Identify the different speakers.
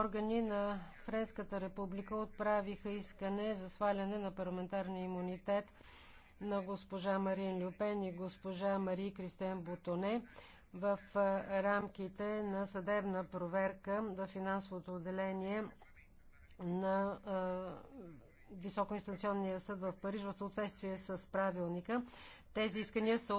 Speaker 1: органи на Френската република отправиха искане за сваляне на парламентарния имунитет на госпожа Марин Люпен и госпожа Мари Кристен Бутоне в рамките на съдебна проверка в финансовото отделение на Високоинстанционния съд в Париж в съответствие с правилника. Тези искания са